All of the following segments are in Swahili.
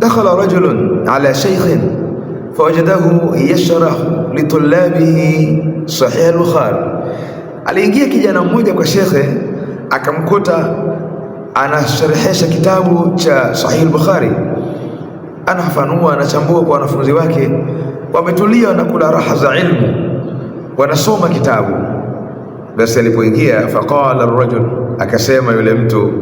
دخل رجل على شيخ فوجده يشرح litulabihi صحيح البخاري aliingia kijana mmoja kwa shekhe akamkuta anasherehesha kitabu cha sahih al-Bukhari, anafafanua anachambua kwa wanafunzi wake, wametulia kula raha za ilmu, wanasoma kitabu. Basi alipoingia faqala ar-rajul, akasema yule mtu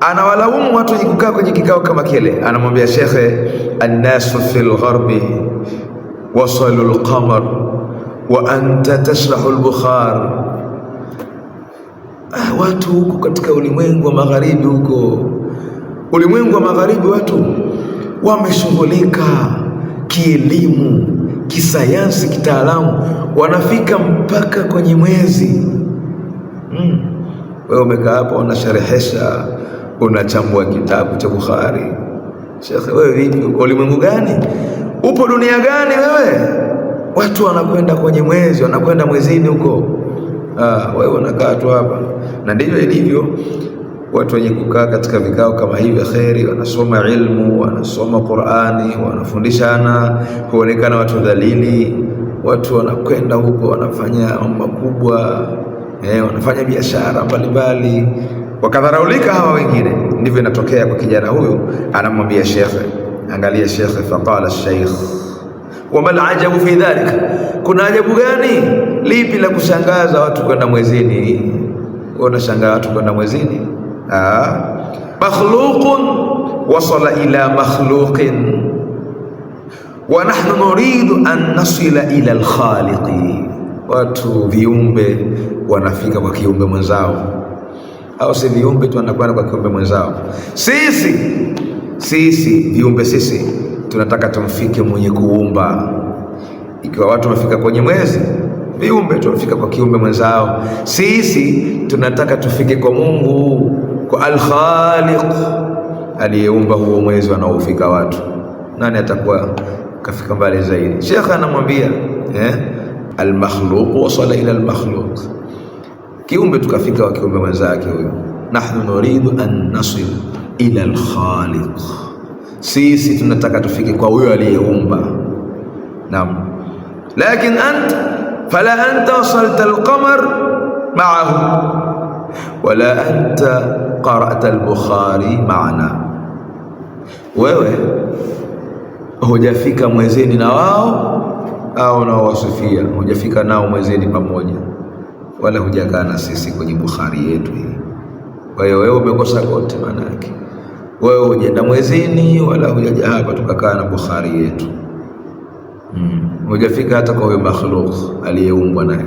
anawalaumu watu wenye kukaa kwenye kikao kama kile, anamwambia shekhe, annasu fil gharbi wasalu lqamar wa anta tashrahu lbukhar. Ah, watu huko katika ulimwengu wa magharibi, huko ulimwengu wa magharibi watu wameshughulika kielimu, kisayansi, kitaalamu, wanafika mpaka kwenye mwezi. Mm, wewe umekaa hapo wanasherehesha unachambua kitabu cha Bukhari. Shekhe, wewe vipi? Uko ulimwengu gani? Upo dunia gani wewe? Watu wanakwenda kwenye mwezi, wanakwenda mwezini huko, ah, wewe unakaa tu hapa. Na ndivyo ilivyo watu wenye kukaa katika vikao kama hivi, kheri, wanasoma ilmu, wanasoma Qurani, wanafundishana, huonekana watu dhalili. Watu wanakwenda huko, wanafanya mambo makubwa eh, wanafanya biashara mbalimbali wakadharaulika hawa wengine. Ndivyo inatokea kwa kijana huyu, anamwambia shekhe, angalia shekhe, faqala sheikh wamal ajabu fi dhalika, kuna ajabu gani? Lipi la kushangaza watu kwenda mwezini? Unashangaa watu kwenda mwezini? Ah, makhluqun wasala ila makhluqin wa nahnu nuridu an nasila ila alkhaliqi, watu viumbe wanafika kwa kiumbe mwenzao au si viumbe tunakwenda kwa kiumbe mwenzao. Sisi sisi viumbe sisi tunataka tumfike mwenye kuumba. Ikiwa watu wamefika kwenye mwezi, viumbe tumefika kwa kiumbe mwenzao. Sisi tunataka tufike kwa Mungu, kwa Al-Khaliq aliyeumba huo mwezi wanaofika watu. Nani atakuwa kafika mbali zaidi? Shekha anamwambia eh, al-makhluq wasala ila al-makhluq kiumbe tukafika wa kiumbe mwenzake huyo. Nahnu nuridu an nasil ila al-khaliq, sisi tunataka tufike kwa huyo aliyeumba. Naam, lakin ant fala anta wasalta al-qamar ma'ahu wala anta qara'ta al-bukhari ma'ana, wewe hujafika mwezeni na wao au nao wasifia, hujafika nao mwezeni pamoja wala hujakaa na sisi kwenye Bukhari yetu hii. Kwa hiyo wewe umekosa kote, maana yake wewe hujaenda mwezini wala hujaja hapa tukakaa na Bukhari yetu hmm. Hujafika hata kwa huyo makhluq aliyeumbwa naye,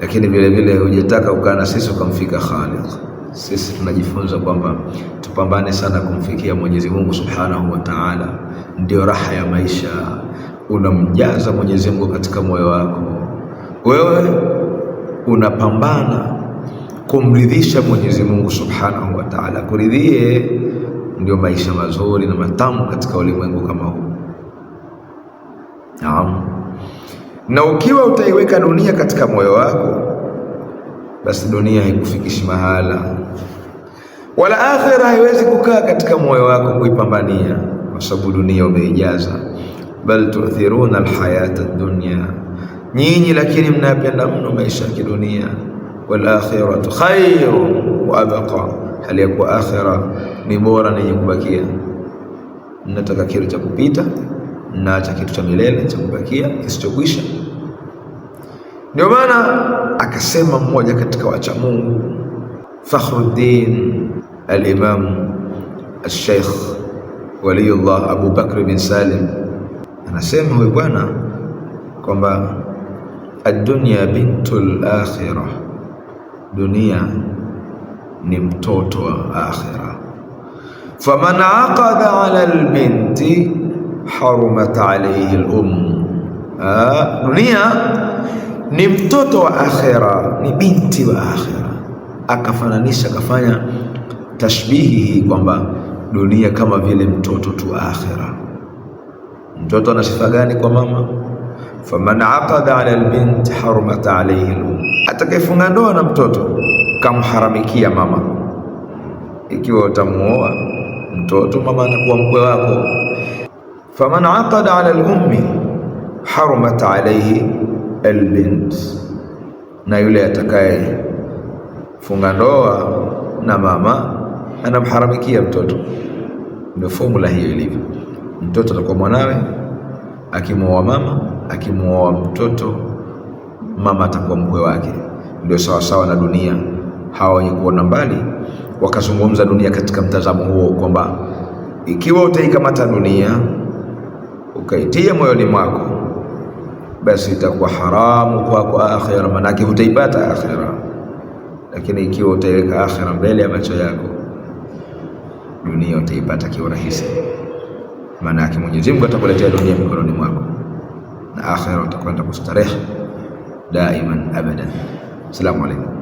lakini vilevile hujataka kukaa na sisi ukamfika Khaliq. Sisi tunajifunza kwamba tupambane sana kumfikia Mwenyezi Mungu Subhanahu wa Ta'ala, ndio raha ya maisha. Unamjaza Mwenyezi Mungu katika moyo wako wewe unapambana kumridhisha Mwenyezi Mungu Subhanahu wa Ta'ala. Kuridhie ndio maisha mazuri na matamu katika ulimwengu kama huu. Naam. Na ukiwa utaiweka dunia katika moyo wako, basi dunia haikufikishi mahala, wala akhera haiwezi kukaa katika moyo wako kuipambania, kwa sababu dunia umeijaza. Bal tu'thiruna alhayata ad-dunya nyinyi, lakini mnayapenda mno maisha ya kidunia. Wal akhiratu khairu wa abqa, hali ya kuwa akhira ni bora na kubakia. Mnataka kitu cha kupita, mnaacha kitu cha milele cha kubakia kisichokwisha. Ndio maana akasema mmoja katika wacha Mungu Fakhruddin al-Imam al-Sheikh Waliyullah Abu Bakr bin Salim anasema huyu bwana kwamba Ad-dunya bintul akhirah, dunia ni mtoto wa akhira. Faman aqada ala al-binti harumat alayhi al Dunia ni mtoto wa akhira, ni binti wa akhira. Akafananisha, akafanya tashbihi hii kwamba dunia kama vile mtoto tu wa akhira. Mtoto ana sifa gani kwa mama? faman aqada ala albint harumat alayhi lum, atakayefunga ndoa na mtoto kamharamikia mama. Ikiwa utamuoa mtoto, mama atakuwa mkwe wako. faman aqada ala alummi harumat alayhi albint, na yule atakaye funga ndoa na mama anamharamikia mtoto. Ndio fomula hiyo ilivyo. Mtoto atakuwa mwanawe akimwoa mama akimuoa mtoto mama atakuwa mkwe wake. Ndio sawasawa na dunia. Hawa wenye kuona mbali wakazungumza dunia katika mtazamo huo kwamba ikiwa utaikamata dunia ukaitia moyoni mwako, basi itakuwa haramu kwako kwa akhira, manake hutaipata akhira. Lakini ikiwa utaiweka akhira mbele ya macho yako, dunia utaipata kiurahisi, maanake Mwenyezi Mungu atakuletea dunia mikononi mwako na akhera utakwenda kustarehe daiman abadan. Asalamu alaykum.